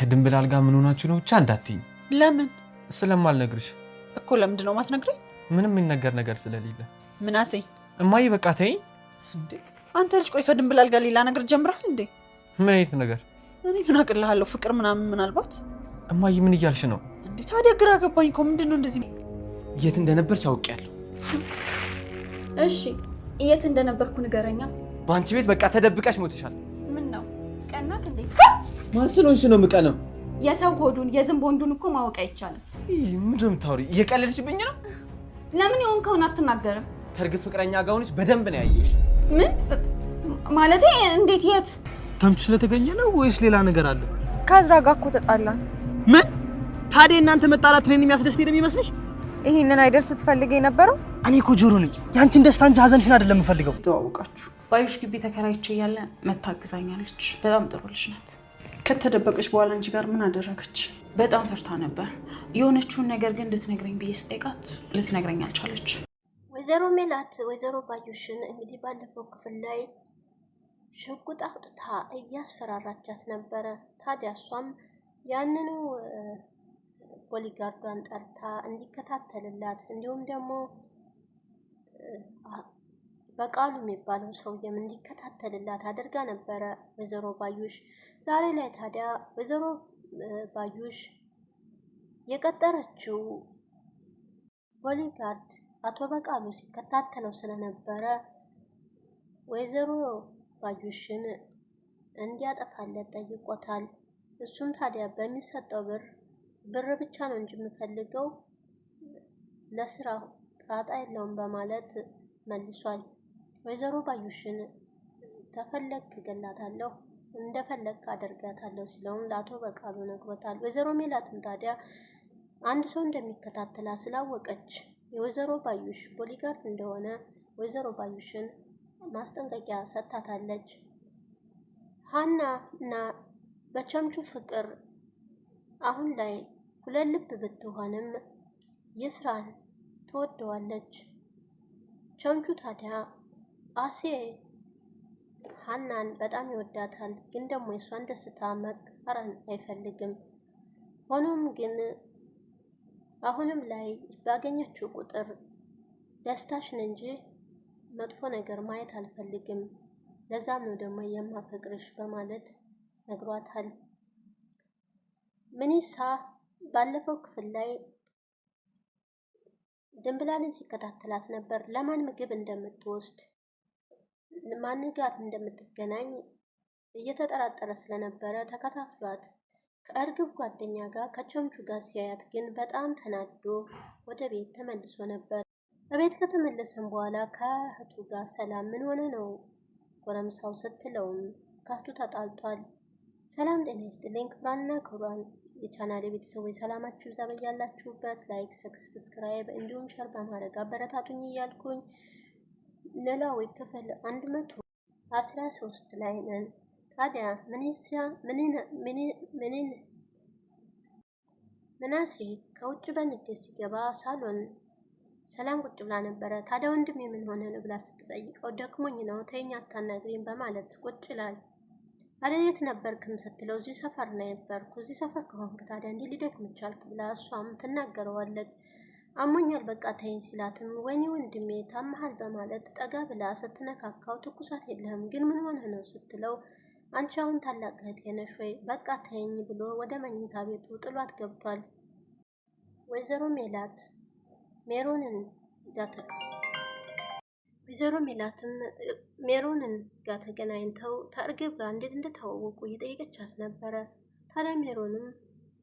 ከድንብላል ጋር ምን ሆናችሁ ነው? ብቻ እንዳትይኝ። ለምን? ስለማልነግርሽ እኮ። ለምንድን ነው ማትነግረኝ? ምንም የሚነገር ነገር ስለሌለ። ምናሴ እማዬ፣ በቃ ተይኝ። አንተ ልጅ ቆይ፣ ከድንብላል ጋር ሌላ ነገር ጀምረህ እንዴ? ምን አይነት ነገር? እኔ ምን አቅልሃለሁ? ፍቅር ምናምን ምናልባት። እማዬ፣ ምን እያልሽ ነው እንዴ? ታዲያ ግራ ገባኝ እኮ። ምንድን ነው እንደዚህ? የት እንደነበርሽ አውቄያለሁ። እሺ፣ የት እንደነበርኩ ንገረኛ። በአንቺ ቤት በቃ ተደብቀሽ ሞትሻል። ማስሎንሽ ነው የምቀነው። የሰው ሆዱን የዝንብ ወንዱን እኮ ማወቅ አይቻልም። ምንድን ነው የምታወሪው? እየቀለድሽብኝ ነው። ለምን የሆንከውን አትናገርም? ከእርግብ ፍቅረኛ ጋር ሆነሽ በደንብ ነው ያየሽ። ምን ማለቴ? እንዴት? የት? ተምቹ ስለተገኘ ነው ወይስ ሌላ ነገር አለ? ከዝራ ጋር እኮ ተጣላን። ምን? ታዲያ እናንተ መጣላት እኔን የሚያስደስት ነው የሚመስልሽ? ይህንን አይደል ስትፈልግ የነበረው? እኔ እኮ ጆሮ ነኝ። ያንቺን ደስታ እንጂ ሀዘንሽን አይደለም የምፈልገው። ተዋውቃችሁ ባዮሽ ግቢ ተከራይቼ እያለ መታግዛኛለች። በጣም ጥሩ ልጅ ናት። ከተደበቀች በኋላ እንጂ ጋር ምን አደረገች? በጣም ፈርታ ነበር። የሆነችውን ነገር ግን ልትነግረኝ ብዬ ስጠይቃት ልትነግረኝ አልቻለች። ወይዘሮ ሜላት ወይዘሮ ባዩሽን እንግዲህ ባለፈው ክፍል ላይ ሽጉጥ አውጥታ እያስፈራራቻት ነበረ። ታዲያ እሷም ያንኑ ቦሊጋርዷን ጠርታ እንዲከታተልላት እንዲሁም ደግሞ በቃሉ የሚባለው ሰውዬም እንዲከታተልላት አድርጋ ነበረ ወይዘሮ ባዩሽ። ዛሬ ላይ ታዲያ ወይዘሮ ባዩሽ የቀጠረችው ቦዲጋርድ አቶ በቃሉ ሲከታተለው ስለነበረ ወይዘሮ ባዩሽን እንዲያጠፋለት ጠይቆታል። እሱም ታዲያ በሚሰጠው ብር ብር ብቻ ነው እንጂ የምፈልገው ለስራ ጣጣ የለውም በማለት መልሷል። ወይዘሮ ባዩሽን ተፈለግክ እገላታለሁ እንደፈለግክ አደርጋታለሁ ሲለውም ለአቶ በቃሉ ነግሮታል። ወይዘሮ ሜላትም ታዲያ አንድ ሰው እንደሚከታተላ ስላወቀች የወይዘሮ ባዩሽ ቦሊጋርድ እንደሆነ ወይዘሮ ባዩሽን ማስጠንቀቂያ ሰጥታታለች። ሀና እና በቸምቹ ፍቅር አሁን ላይ ሁለት ልብ ብትሆንም የስራን ትወደዋለች። ቸምቹ ታዲያ አሴ ሀናን በጣም ይወዳታል፣ ግን ደግሞ የእሷን ደስታ መቃረን አይፈልግም። ሆኖም ግን አሁንም ላይ ባገኘችው ቁጥር ደስታሽን እንጂ መጥፎ ነገር ማየት አልፈልግም፣ ለዛም ነው ደግሞ የማፈቅርሽ በማለት ነግሯታል። ምኒሳ ባለፈው ክፍል ላይ ድንብላልን ሲከታተላት ነበር ለማን ምግብ እንደምትወስድ ማንን ጋር እንደምትገናኝ እየተጠራጠረ ስለነበረ ተከታትሏት ከእርግብ ጓደኛ ጋር ከቸምቹ ጋር ሲያያት ግን በጣም ተናዶ ወደ ቤት ተመልሶ ነበር። በቤት ከተመለሰም በኋላ ከእህቱ ጋር ሰላም ምን ሆነ ነው ጎረምሳው ስትለውም ከእህቱ ተጣልቷል። ሰላም ጤና ይስጥልኝ ክቡራንና ክብሯን የቻናል ቤተሰቦች ሰላማችሁ ይብዛ። በያላችሁበት ላይክ፣ ሰብስክራይብ እንዲሁም ሸር በማድረግ አበረታቱኝ እያልኩኝ ኖላዊ ክፍል ሶስት ላይ ነን። ታዲያ ምናሴ ከውጭ በንዴት ሲገባ ሳሎን ሰላም ቁጭ ብላ ነበረ። ታዲያ ወንድም የምን ሆነ ነው ብላ ስትጠይቀው ደክሞኝ ነው ተይኝ አታናግሪኝ በማለት ቁጭ ይላል። ታዲያ የት ነበርክም ስትለው እዚህ ሰፈር ነው የነበርኩ። እዚህ ሰፈር ከሆንክ ታዲያ እንዲህ ሊደክም ቻልክ ብላ እሷም ትናገረዋለች። አሞኛል በቃ ተይኝ ሲላትም ወይኔ ወንድሜ ታመሃል በማለት ጠጋ ብላ ስትነካካው ትኩሳት የለህም ግን ምን ሆነህ ነው ስትለው አንቺ አሁን ታላቅ እህቴ ነሽ ወይ በቃ ተይኝ ብሎ ወደ መኝታ ቤቱ ጥሏት ገብቷል። ወይዘሮ ሜላት ሜሮንን ወይዘሮ ሜላትም ሜሮንን ጋር ተገናኝተው ታርገብ ጋር እንዴት እንደተዋወቁ እየጠየቀቻት ነበረ። ታዲያ ሜሮንም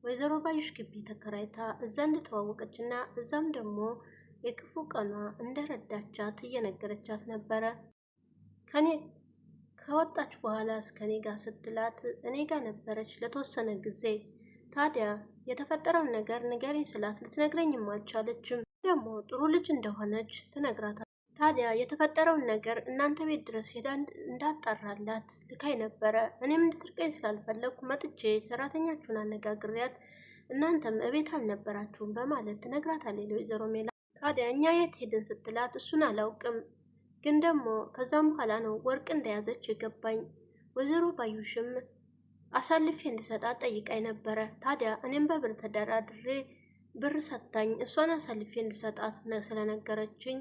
ወይዘሮ ባዩሽ ግቢ ተከራይታ እዛ እንደተዋወቀች እና እዛም ደግሞ የክፉ ቀኗ እንደረዳቻት እየነገረቻት ነበረ። ከኔ ከወጣች በኋላ እስከ እኔ ጋር ስትላት እኔ ጋር ነበረች ለተወሰነ ጊዜ። ታዲያ የተፈጠረውን ነገር ንገሪኝ ስላት ልትነግረኝም አልቻለችም። ደግሞ ጥሩ ልጅ እንደሆነች ትነግራታል። ታዲያ የተፈጠረውን ነገር እናንተ ቤት ድረስ ሄዳ እንዳጣራላት ልካይ ነበረ። እኔም እንድትርቀኝ ስላልፈለግኩ መጥቼ ሰራተኛችሁን አነጋግሪያት እናንተም እቤት አልነበራችሁም በማለት ትነግራታለች ወይዘሮ ሜላ። ታዲያ እኛ የት ሄድን ስትላት እሱን አላውቅም፣ ግን ደግሞ ከዛም በኋላ ነው ወርቅ እንደያዘች የገባኝ። ወይዘሮ ባዩሽም አሳልፌ እንድሰጣት ጠይቃኝ ነበረ። ታዲያ እኔም በብር ተደራድሬ ብር ሰጥታኝ እሷን አሳልፌ እንድሰጣት ስለነገረችኝ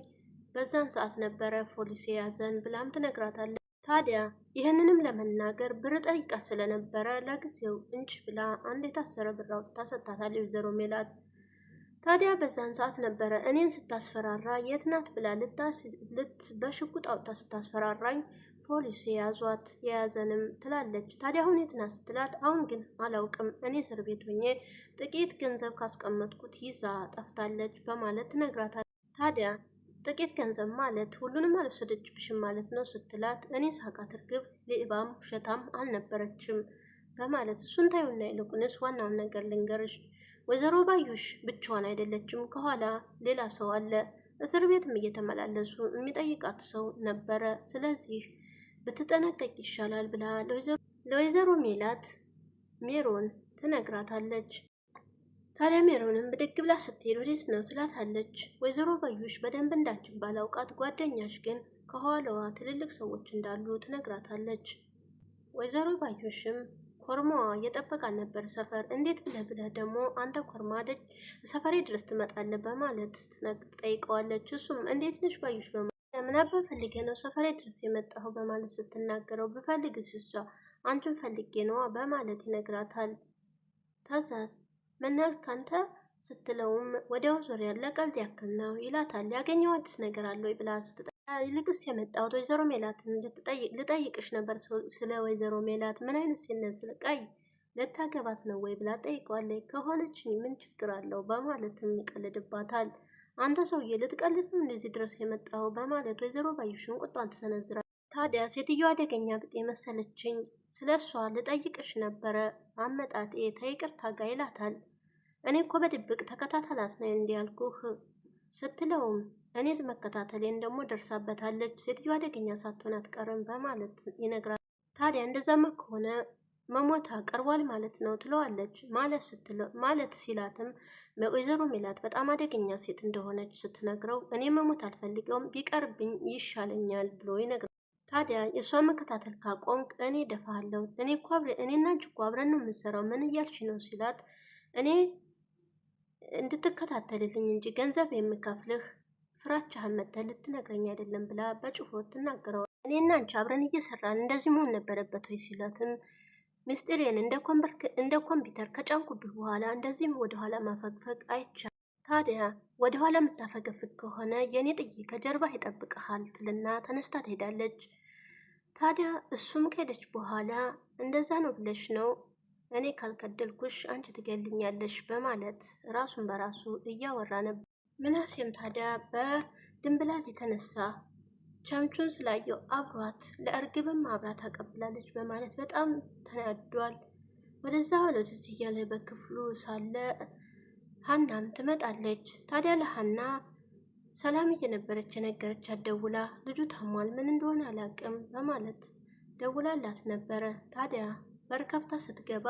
በዛን ሰዓት ነበረ ፖሊስ የያዘን ብላም ትነግራታለች። ታዲያ ይህንንም ለመናገር ብር ጠይቃ ስለነበረ ለጊዜው እንጂ ብላ አንድ የታሰረ ብር አውጥታ ሰጥታታለች ወይዘሮ ሜላት። ታዲያ በዛን ሰዓት ነበረ እኔን ስታስፈራራ የት ናት ብላ ልት በሽጉጥ አውጥታ ስታስፈራራኝ ፖሊስ የያዟት የያዘንም ትላለች። ታዲያ አሁን የት ናት ስትላት አሁን ግን አላውቅም እኔ እስር ቤት ሆኜ ጥቂት ገንዘብ ካስቀመጥኩት ይዛ ጠፍታለች በማለት ትነግራታለች። ታዲያ ጥቂት ገንዘብ ማለት ሁሉንም አልወሰደችብሽም ማለት ነው ስትላት፣ እኔ ሳቃት እርግብ ልዕባም ውሸታም አልነበረችም በማለት እሱን ታዩና ይልቁንስ ዋናውን ነገር ልንገርሽ፣ ወይዘሮ ባዩሽ ብቻዋን አይደለችም፣ ከኋላ ሌላ ሰው አለ። እስር ቤትም እየተመላለሱ የሚጠይቃት ሰው ነበረ። ስለዚህ ብትጠነቀቅ ይሻላል ብላ ለወይዘሮ ሜላት ሜሮን ትነግራታለች። ታዲያ ሜሮንም ብድግ ብላ ስትሄድ ወዴት ነው ትላታለች። ወይዘሮ ባዩሽ በደንብ እንዳትባል አውቃት፣ ጓደኛሽ ግን ከኋላዋ ትልልቅ ሰዎች እንዳሉ ትነግራታለች። ወይዘሮ ባዩሽም ኮርማዋ እየጠበቃ ነበር ሰፈር። እንዴት ብለህ ብለህ ደግሞ አንተ ኮርማ ሰፈሬ ድረስ ትመጣለህ በማለት ትጠይቀዋለች። እሱም እንዴት ነሽ ባዩሽ በምናባ ፈልጌ ነው ሰፈሬ ድረስ የመጣሁ በማለት ስትናገረው ብፈልግ ስሷ አንቺን ፈልጌ ነዋ በማለት ይነግራታል። ታዛዝ መነር ካንተ ስትለውም ወዲያው ያለ ለቀልድ ያክል ነው ይላታል። ያገኘው አዲስ ነገር አለ ወይ ብላ ልቅስ የመጣሁት ወይዘሮ ሜላትን ልጠይቅሽ ነበር ስለ ወይዘሮ ሜላት ምን አይነት ሲነስል ቀይ ልታገባት ነው ወይ ብላ ጠይቀዋለች። ከሆነች ምን ችግር አለው በማለትም ይቀልድባታል። አንተ ሰውዬ ልትቀልድ ነው እንደዚህ ድረስ የመጣው በማለት ወይዘሮ ባዩሽን ቁጣን ትሰነዝራል። ታዲያ ሴትዮዋ አደገኛ ብጤ መሰለችኝ ስለ እሷ ልጠይቅሽ ነበረ አመጣጤ ተይቅርታ ጋ ይላታል። እኔ እኮ በድብቅ ተከታተላት ነው እንዲያልኩህ ስትለውም እኔ መከታተሌን ደግሞ ደርሳበታለች፣ ሴትዮ አደገኛ ሳትሆን አትቀርም በማለት ይነግራል። ታዲያ እንደዛማ ከሆነ መሞታ ቀርቧል ማለት ነው ትለዋለች። ማለት ሲላትም ወይዘሮ ሚላት በጣም አደገኛ ሴት እንደሆነች ስትነግረው እኔ መሞት አልፈልገውም ቢቀርብኝ ይሻለኛል ብሎ ይነግራል። ታዲያ የእሷን መከታተል ካቆምክ እኔ ደፋለሁ። እኔ እኮ እኔና አንቺ እኮ አብረን ነው የምንሰራው። ምን እያልሽ ነው ሲላት፣ እኔ እንድትከታተልልኝ እንጂ ገንዘብ የምከፍልህ ፍራቻህን መተህ ልትነግረኝ አይደለም ብላ በጩኸት ትናገረዋል። እኔና አንቺ አብረን እየሰራን እንደዚህ መሆን ነበረበት ወይ ሲላትም፣ ሚስጢሬን እንደ ኮምፒውተር ከጫንኩብህ በኋላ እንደዚህም ወደኋላ ማፈግፈግ አይቻልም። ታዲያ ወደኋላ የምታፈገፍግ ከሆነ የእኔ ጥይ ከጀርባ ይጠብቀሃል ትልና ተነስታ ትሄዳለች። ታዲያ እሱም ከሄደች በኋላ እንደዛ ነው ብለሽ ነው እኔ ካልከደልኩሽ አንቺ ትገልኛለሽ በማለት ራሱን በራሱ እያወራ ነበር። ምናሴም ታዲያ በድንብላል የተነሳ ቻምቹን ስላየው አብሯት ለእርግብም አብራት አቀብላለች በማለት በጣም ተናዷል። ወደዛ እዚህ እያለ በክፍሉ ሳለ ሀናም ትመጣለች። ታዲያ ለሀና ሰላም እየነበረች የነገረች ደውላ ልጁ ታሟል፣ ምን እንደሆነ አላቅም በማለት ደውላላት ነበረ። ታዲያ በርከፍታ ስትገባ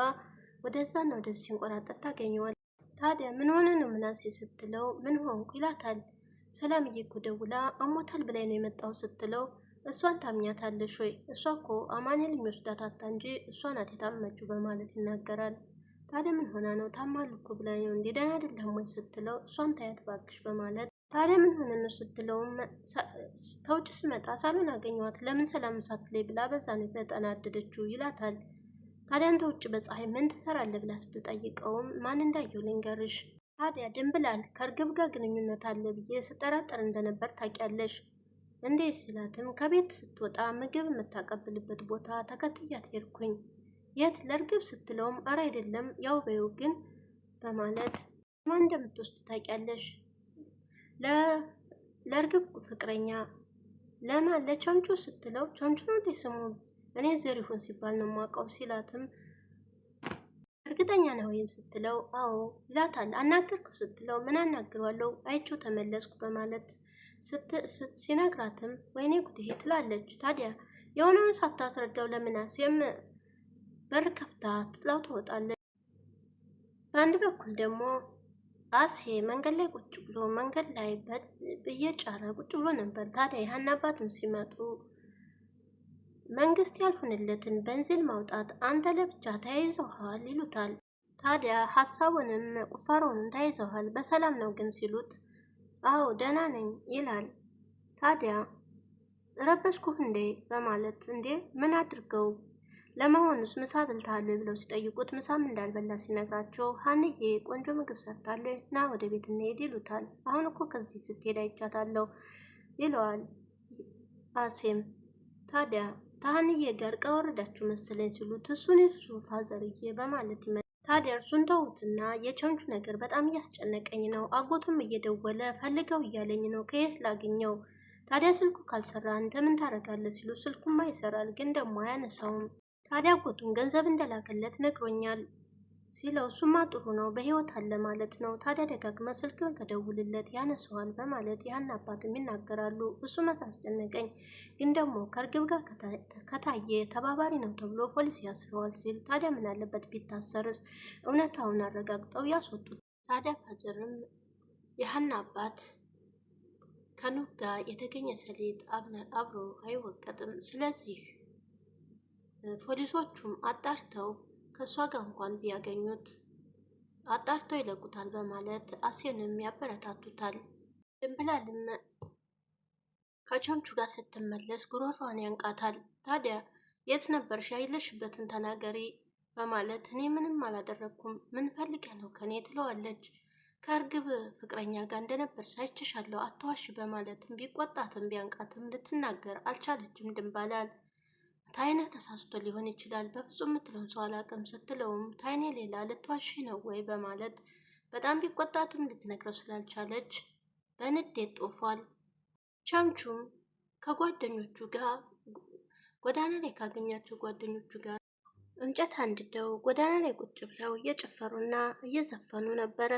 ወደዛና ወደዚህ ሲንቆራጠት ታገኘዋል። ታዲያ ምን ሆነ ነው ምናሴ ስትለው ምን ሆንኩ ይላታል። ሰላም እኮ ደውላ አሞታል ብላይ ነው የመጣው ስትለው እሷን ታምኛታለሽ ወይ? እሷ እኮ አማኔል የሚወስዳት አታ እንጂ እሷ ናት የታመችው በማለት ይናገራል። ታዲያ ምን ሆና ነው ታማል እኮ ብላይ ነው እንዴ ደህና አይደለም ወይ ስትለው እሷን ታያት ባክሽ በማለት ታዲያ ምን ሆነ ነው ስትለው፣ ተውጭ ስመጣ ሳሎን አገኘዋት ለምን ሰላም ሳትለኝ ብላ በዛ ነው የተጠናደደችው ይላታል። ታዲያ አንተ ውጭ በፀሐይ ምን ትሰራለህ ብላ ስትጠይቀውም ማን እንዳየው ልንገርሽ ታዲያ ድንብላል ከእርግብ ጋር ግንኙነት አለ ብዬ ስጠራጠር እንደነበር ታውቂያለሽ እንዴ? ሲላትም ከቤት ስትወጣ ምግብ የምታቀብልበት ቦታ ተከትያት ሄድኩኝ። የት ለእርግብ ስትለውም አረ አይደለም ያው በይው ግን በማለት ማን እንደምትወስድ ታውቂያለሽ ለእርግብ ፍቅረኛ ለማን ለቸምቹ ስትለው ቸምቹ ነው እንዴ ስሙ? እኔ ዘሪሁን ሲባል ነው የማውቀው ሲላትም እርግጠኛ ነው ወይም ስትለው አዎ ይላታል። አናገርኩ ስትለው ምን አናግሯለሁ አይቼው ተመለስኩ በማለት ሲነግራትም ወይኔ ጉዴ ትላለች። ታዲያ የሆነውን ሳታስረዳው ለምናሴም በር ከፍታ ትጥላው ትወጣለች። በአንድ በኩል ደግሞ አሴ መንገድ ላይ ቁጭ ብሎ መንገድ ላይ እየጫረ ቁጭ ብሎ ነበር። ታዲያ የሀና አባትም ሲመጡ መንግስት ያልሆንለትን በንዚል ማውጣት አንተ ለብቻ ተያይዘዋል ይሉታል። ታዲያ ሀሳቡንም ቁፋሮውንም ተያይዘዋል በሰላም ነው ግን ሲሉት አዎ ደህና ነኝ ይላል። ታዲያ ረበሽኩህ እንዴ በማለት እንዴ ምን አድርገው ለመሆኑስ ምሳ በልተሃል ብለው ሲጠይቁት ምሳም እንዳልበላ ሲነግራቸው ሀንዬ ቆንጆ ምግብ ሰርታለ ና ወደ ቤት እንሄድ ይሉታል። አሁን እኮ ከዚህ ስትሄድ አይቻታለሁ ይለዋል አሴም። ታዲያ ከሀንዬ ጋር ከወረዳችሁ መሰለኝ ሲሉት እሱን እሱ ፋዘርዬ በማለት ይመ ታዲያ እርሱን ተውትና የቸንቹ ነገር በጣም እያስጨነቀኝ ነው። አጎቱም እየደወለ ፈልገው እያለኝ ነው፣ ከየት ላግኘው? ታዲያ ስልኩ ካልሰራ አንተ ምን ታደርጋለህ? ሲሉ ስልኩማ ይሰራል፣ ግን ደግሞ አያነሳውም። ታዲያ ቁጡን ገንዘብ እንደላከለት ነግሮኛል ሲለው እሱማ ጥሩ ነው፣ በህይወት አለ ማለት ነው። ታዲያ ደጋግመ ስልክ ከደውልለት ያነሰዋል በማለት ያህን አባትም ይናገራሉ። እሱ አስጨነቀኝ፣ ግን ደግሞ ከእርግብ ጋር ከታየ ተባባሪ ነው ተብሎ ፖሊስ ያስረዋል ሲል ታዲያ ምን አለበት ቢታሰርስ? እውነታውን አረጋግጠው ያስወጡት። ታዲያ ፋዘርም ያህን አባት ከኑህ ጋር የተገኘ ሰሊጥ አብሮ አይወቀጥም። ስለዚህ ፖሊሶቹም አጣርተው ከእሷ ጋር እንኳን ቢያገኙት አጣርተው ይለቁታል በማለት አሴንም ያበረታቱታል። ድንብላልም ከቸምቹ ጋር ስትመለስ ጉሮሯን ያንቃታል። ታዲያ የት ነበርሽ? ያለሽበትን ተናገሪ በማለት እኔ ምንም አላደረግኩም፣ ምን ፈልገ ነው ከኔ ትለዋለች። ከእርግብ ፍቅረኛ ጋር እንደነበር አይቼሻለሁ፣ አትዋሽ በማለትም ቢቆጣትም ቢያንቃትም ልትናገር አልቻለችም ድንባላል ታይነ ተሳስቶ ሊሆን ይችላል በፍጹም የምትለውን ሰው አላቅም ስትለውም ታይኔ ሌላ ልትዋሽ ነው ወይ በማለት በጣም ቢቆጣትም ልትነግረው ስላልቻለች በንዴት ጦፏል። ቻምቹም ከጓደኞቹ ጋር ጎዳና ላይ ካገኛቸው ጓደኞቹ ጋር እንጨት አንድደው ጎዳና ላይ ቁጭ ብለው እየጨፈሩና እየዘፈኑ ነበረ።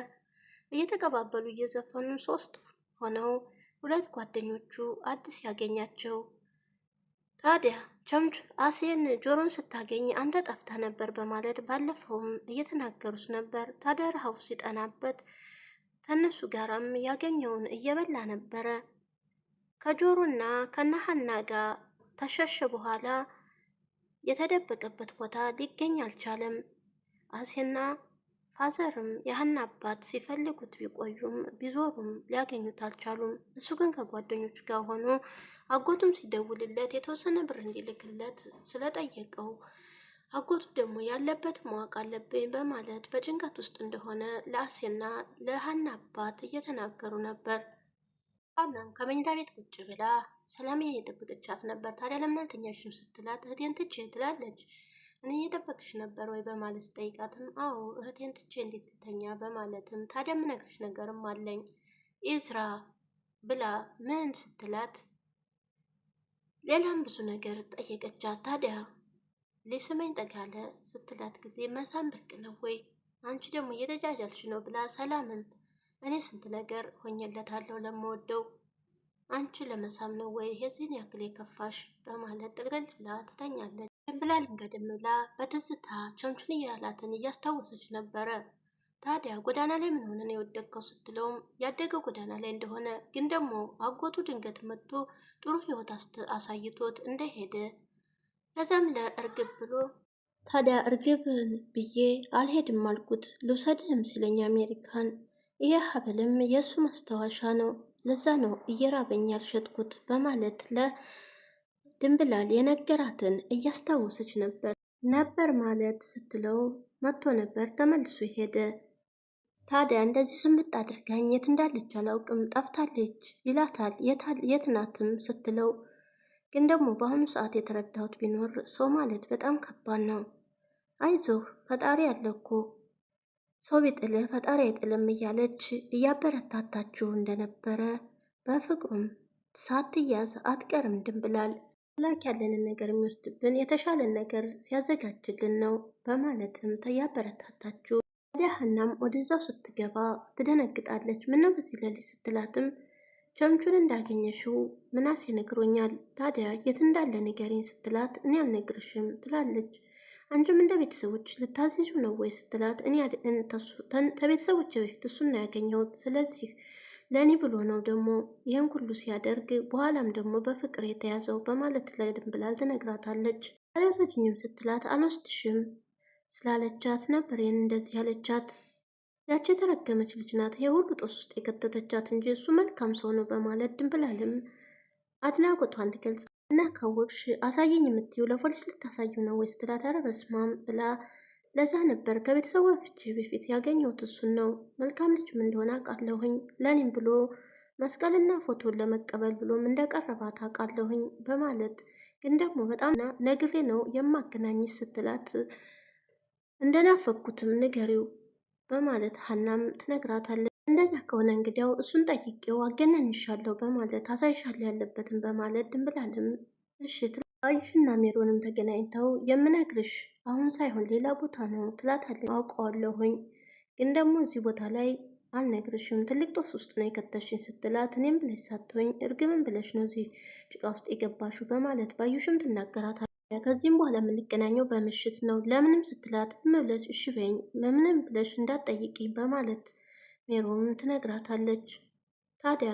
እየተቀባበሉ እየዘፈኑ ሶስት ሆነው ሁለት ጓደኞቹ አዲስ ያገኛቸው ታዲያ ቸምቹ አሴን ጆሮን ስታገኝ አንተ ጠፍተህ ነበር በማለት ባለፈውም እየተናገሩት ነበር። ታደርሃው ሲጠናበት ከነሱ ጋራም ያገኘውን እየበላ ነበረ። ከጆሮና ከነሀና ጋር ተሸሸ በኋላ የተደበቀበት ቦታ ሊገኝ አልቻለም። አሴና ፋዘርም የሀና አባት ሲፈልጉት ቢቆዩም ቢዞሩም ሊያገኙት አልቻሉም። እሱ ግን ከጓደኞቹ ጋር ሆኖ አጎቱም ሲደውልለት የተወሰነ ብር እንዲልክለት ስለጠየቀው አጎቱ ደግሞ ያለበት ማወቅ አለብኝ በማለት በጭንቀት ውስጥ እንደሆነ ለአሴና ለሀና አባት እየተናገሩ ነበር። ሀናም ከመኝታ ቤት ቁጭ ብላ ሰላሜ የጠበቀቻት ነበር። ታዲያ ለምን አልተኛሽም ስትላት እህቴን ትቼ ትላለች። እኔ እየጠበቅሽ ነበር ወይ በማለት ስጠይቃትም አዎ እህቴን ትቼ እንዴት ልተኛ በማለትም ታዲያ የምነግርሽ ነገርም አለኝ ኢዝራ ብላ ምን ስትላት ሌላም ብዙ ነገር ጠየቀቻት። ታዲያ ሊስመኝ ጠጋለ ስትላት ጊዜ መሳም ብርቅ ነው ወይ አንቺ ደግሞ እየተጃጃልሽ ነው ብላ ሰላምም እኔ ስንት ነገር ሆኜለታለሁ ለመወደው አንቺ ለመሳም ነው ወይ የዚህን ያክል የከፋሽ በማለት ጥቅልል ብላ ትተኛለች። ድንብላ ልንገድም ብላ በትዝታ ቸንቹን እያላትን እያስታወሰች ነበረ። ታዲያ ጎዳና ላይ ምን ነው የወደቀው ስትለውም ያደገው ጎዳና ላይ እንደሆነ ግን ደግሞ አጎቱ ድንገት መጥቶ ጥሩ ህይወት አሳይቶት እንደሄደ ከዚያም ለእርግብ ብሎ ታዲያ እርግብን ብዬ አልሄድም አልኩት። ልውሰድህም ሲለኝ አሜሪካን ይህ ሀብልም የእሱ ማስታወሻ ነው፣ ለዛ ነው እየራበኝ ያልሸጥኩት በማለት ለድንብላል የነገራትን እያስታወሰች ነበር ነበር ማለት ስትለው መጥቶ ነበር ተመልሶ ሄደ። ታዲያ እንደዚህ ስምጥ አድርጋኝ የት እንዳለች አላውቅም፣ ጠፍታለች ይላታል። የት ናትም ስትለው ግን ደግሞ በአሁኑ ሰዓት የተረዳሁት ቢኖር ሰው ማለት በጣም ከባድ ነው። አይዞህ ፈጣሪ አለ እኮ ሰው ቢጥልህ ፈጣሪ አይጥልም እያለች እያበረታታችሁ እንደነበረ በፍቅሩም ሳትያዝ አትቀርም ድንብላል። ላክ ያለንን ነገር የሚወስድብን የተሻለን ነገር ሲያዘጋጅልን ነው በማለትም ተያበረታታችሁ ታዲያ ሀናም ወደዛው ስትገባ ትደነግጣለች። ምነው በዚህ ሌሊት ስትላትም ቸምቹን እንዳገኘሽው ምናሴ ነግሮኛል። ታዲያ የት እንዳለ ንገሪኝ ስትላት እኔ አልነግርሽም ትላለች። አንቺም እንደ ቤተሰቦች ልታዝዙ ነው ወይ ስትላት እኔ ከቤተሰቦች በፊት እሱን ነው ያገኘሁት። ስለዚህ ለእኔ ብሎ ነው ደግሞ ይህን ሁሉ ሲያደርግ በኋላም ደግሞ በፍቅር የተያዘው በማለት ለድንብላል ትነግራታለች። አልወሰድሽኝም ስትላት አልወስድሽም ስላለቻት ነበር ይህን እንደዚህ ያለቻት። ያቺ የተረገመች ልጅ ናት የሁሉ ጦስ ውስጥ የከተተቻት እንጂ እሱ መልካም ሰው ነው በማለት ድንብላልም አድናቆቷን ትገልጽ እና ካወቅሽ አሳየኝ የምትዩ ለፖሊስ ልታሳዩ ነው ወይ ስትላት ኧረ በስመ አብ ብላ ለዛ ነበር ከቤተሰቡ ፍቺ በፊት ያገኘሁት እሱን ነው። መልካም ልጅ ምን እንደሆነ አውቃለሁኝ። ለኔም ብሎ መስቀልና ፎቶን ለመቀበል ብሎም እንደቀረባት አውቃለሁኝ በማለት ግን ደግሞ በጣም ነግሬ ነው የማገናኝ ስትላት እንደናፈኩትም ንገሪው በማለት ሀናም ትነግራታለች። እንደዚያ ከሆነ እንግዲያው እሱን ጠይቄው አገናኝሻለሁ በማለት አሳይሻለሁ ያለበትን በማለት ድንብላልም እሺ አዩሽና ሜሮንም ተገናኝተው የምነግርሽ አሁን ሳይሆን ሌላ ቦታ ነው ትላታለች። አውቀዋለሁኝ ግን ደግሞ እዚህ ቦታ ላይ አልነግርሽም ትልቅ ጦስ ውስጥ ነው የከተሽኝ ስትላት እኔም ብለሽ ሳትሆኝ እርግብን ብለሽ ነው እዚህ ጭቃ ውስጥ የገባሹ በማለት ባዩሽም ትናገራታል። ከዚህም በኋላ የምንገናኘው በምሽት ነው። ለምንም ስትላት ዝም ብለሽ እሺ በይኝ ለምንም ብለሽ እንዳትጠይቂ በማለት ሜሮንም ትነግራታለች። ታዲያ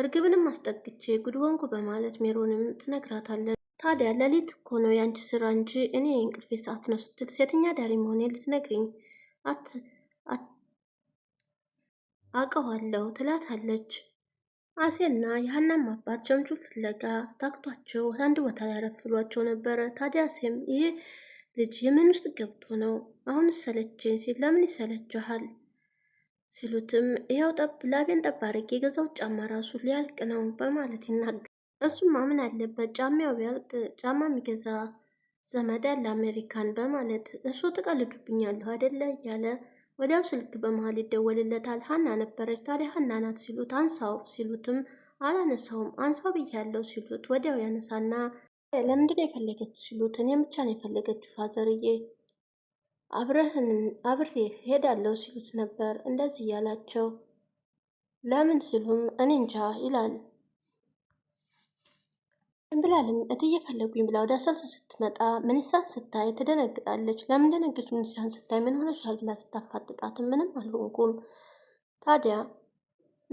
እርግብንም አስጠግቼ ጉድ ሆንኩ በማለት ሜሮንም ትነግራታለች። ታዲያ ለሊት እኮ ነው የአንቺ ስራ እንጂ እኔ እንቅልፌ ሰዓት ነው ስትል ሴተኛ አዳሪ መሆኔ ልትነግሪኝ አውቀዋለሁ ትላታለች። አሴና የሀናም አባት ቸምቹ ፍለጋ ታክቷቸው አንድ ቦታ ላይ ረፍሏቸው ነበረ። ታዲያ አሴም ይሄ ልጅ የምን ውስጥ ገብቶ ነው አሁን ሰለችን ሲል ለምን ይሰለችኋል? ሲሉትም ይኸው ጠብ ላቤን ጠብ አድርጌ የገዛው ጫማ ራሱ ሊያልቅ ነው በማለት ይናገ እሱም ማምን አለበት ጫማው ቢያልቅ ጫማ የሚገዛ ዘመድ አለ አሜሪካን በማለት እሱ ጥቃ ልዱብኛለሁ አይደለ እያለ ወዲያው ስልክ በመሀል ይደወልለታል። ሀና ነበረች። ታዲያ ሀና ናት ሲሉት አንሳው ሲሉትም አላነሳውም። አንሳው ብያለው ሲሉት ወዲያው ያነሳና ለምንድን ነው የፈለገችው ሲሉት እኔ ብቻ ነው የፈለገችው ፋዘርዬ አብረህን አብሬ ሄዳለው ሲሉት ነበር። እንደዚህ እያላቸው ለምን ሲሉም እኔ እንጃ ይላል። እንብላልን እትዬ ፈለጉኝ ብላ ወደ አሰልሱን ስትመጣ ምንሳን ስታይ ትደነግጣለች። ለምን ደነገች? ምንሳን ስታይ ምን ሆነሻል ብላ ስታፋጥጣት ምንም አልሆንኩም። ታዲያ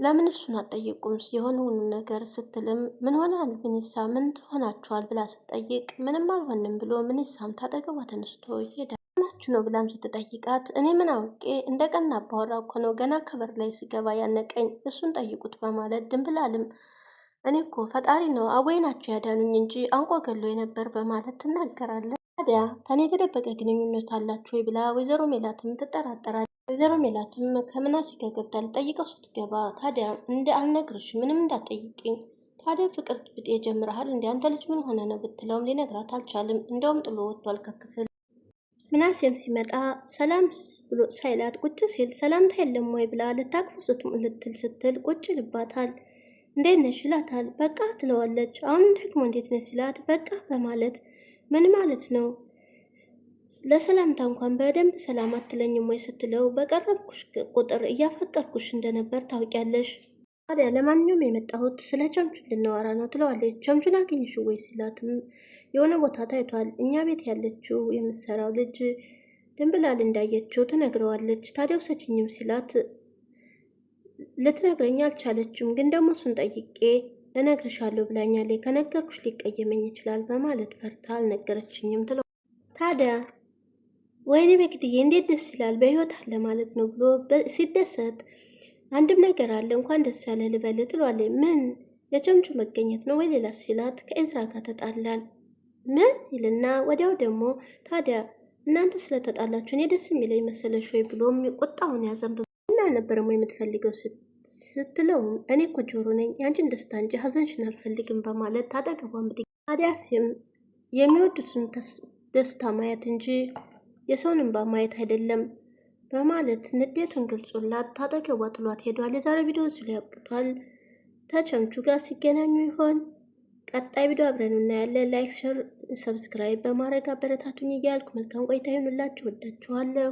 ለምን እሱን አጠየቁም የሆነውን ነገር ስትልም ምን ሆናል ምንሳ ምን ትሆናችኋል ብላ ስትጠይቅ ምንም አልሆንም ብሎ ምንሳም ታጠገቧ ተነስቶ ይሄዳል። ናችሁ ነው ብላም ስትጠይቃት እኔ ምን አውቄ እንደ ቀና አባወራ እኮ ነው ገና ከበር ላይ ስገባ ያነቀኝ እሱን ጠይቁት በማለት ድንብላልም እኔ እኮ ፈጣሪ ነው አወይ ናቸው ያዳኑኝ እንጂ አንቆ ገሎ የነበር በማለት ትናገራለች። ታዲያ ከኔ የተደበቀ ግንኙነት አላችሁ ብላ ወይዘሮ ሜላትም ትጠራጠራለች። ወይዘሮ ሜላትም ከምናሴ ጋር ገብታ ልጠይቀው ስትገባ ታዲያ እንደ አልነግርሽ ምንም እንዳትጠይቅኝ ታዲያ ፍቅር ብጤ ጀምረሃል እንዲ አንተ ልጅ ምን ሆነ ነው ብትለውም ሊነግራት አልቻልም። እንደውም ጥሎ ወጥቷል ከክፍል። ምናሴም ሲመጣ ሰላም ብሎ ሳይላት ቁጭ ሲል ሰላምታ የለም ወይ ብላ ልታቅፎ ልትል ስትል ቁጭ ልባታል። እንዴት ነሽ ይላታል። በቃ ትለዋለች። አሁንም ደግሞ እንዴት ነሽ ሲላት በቃ በማለት ምን ማለት ነው ለሰላምታ እንኳን በደንብ ሰላም አትለኝም ወይ ስትለው በቀረብኩሽ ቁጥር እያፈቀርኩሽ እንደነበር ታውቂያለሽ። ታዲያ ለማንኛውም የመጣሁት ስለ ቸምቹን ልናወራ ነው ትለዋለች። ቸምቹን አገኘሽ ወይ ሲላትም የሆነ ቦታ ታይቷል። እኛ ቤት ያለችው የምትሰራው ልጅ ድንብላል እንዳየችው ትነግረዋለች። ታዲያ ውሰችኝም ሲላት ልትነግረኝ አልቻለችም፣ ግን ደግሞ እሱን ጠይቄ እነግርሻለሁ ብላኛለች። ከነገርኩሽ ሊቀየመኝ ይችላል በማለት ፈርታ አልነገረችኝም ትለው ታዲያ ወይኔ በግድዬ እንዴት ደስ ይላል በህይወት አለ ማለት ነው ብሎ ሲደሰት አንድም ነገር አለ እንኳን ደስ ያለ ልበል ትሏለች። ምን የቸምቹ መገኘት ነው ወይ ሌላ ሲላት ከኤዝራ ጋር ተጣላል ምን ይልና ወዲያው ደግሞ ታዲያ እናንተ ስለተጣላችሁ እኔ ደስ የሚለኝ መሰለሽ ወይ ብሎም ቁጣውን ያዘንብ አልነበረም የምትፈልገው ስትለው እኔ እኮ ጆሮ ነኝ የአንቺን ደስታ እንጂ ሀዘንሽን አልፈልግም በማለት ታጠገቧን ብድ ታዲያስም የሚወዱትን ደስታ ማየት እንጂ የሰውን እንባ ማየት አይደለም በማለት ንዴቱን ገልጾላት ታጠገቧ ጥሏት ሄዷል። የዛሬ ቪዲዮ እዚህ ላይ አብቅቷል። ተቸምቹ ጋር ሲገናኙ ይሆን? ቀጣይ ቪዲዮ አብረን እናያለን። ላይክ፣ ሸር፣ ሰብስክራይብ በማድረግ አበረታቱኝ እያልኩ መልካም ቆይታ ይሁንላችሁ። ወዳችኋለሁ።